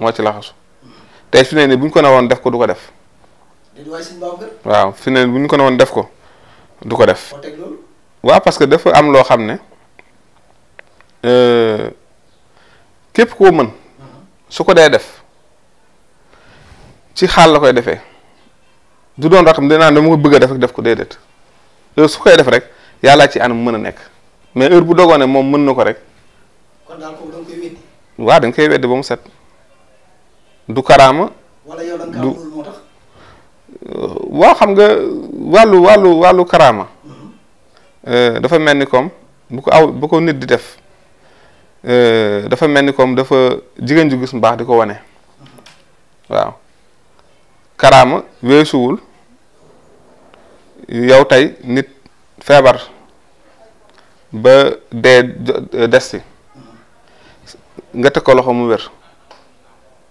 moo ci laxasu tey fi ne nii bu ñu ko def ko du ko def waaw fi ne bu def ko du ko def waaw parce que dafa am loo xam ne euh, képp koo mën mhm. su ko dee def ci xaal la koy defee du doon raxam dinaan dama ko bëgg a def rek def ko déedéet su koy def rek yàllaa ci mu mën a nekk mais heure bu dogoone moom mën na ko rek waa daal kooku da koy weddi ba mu set du karaama. wala yow nga euh, xam nga wàllu wàllu wàllu karaama. Euh, dafa mel ni comme bu ko aw bu ko nit di def euh, dafa mel ni comme dafa jigéen ju gis mbaax di ko wane waaw karaama weesuwul yow tey nit feebar ba dee des si nga teg ko loxo mu wér.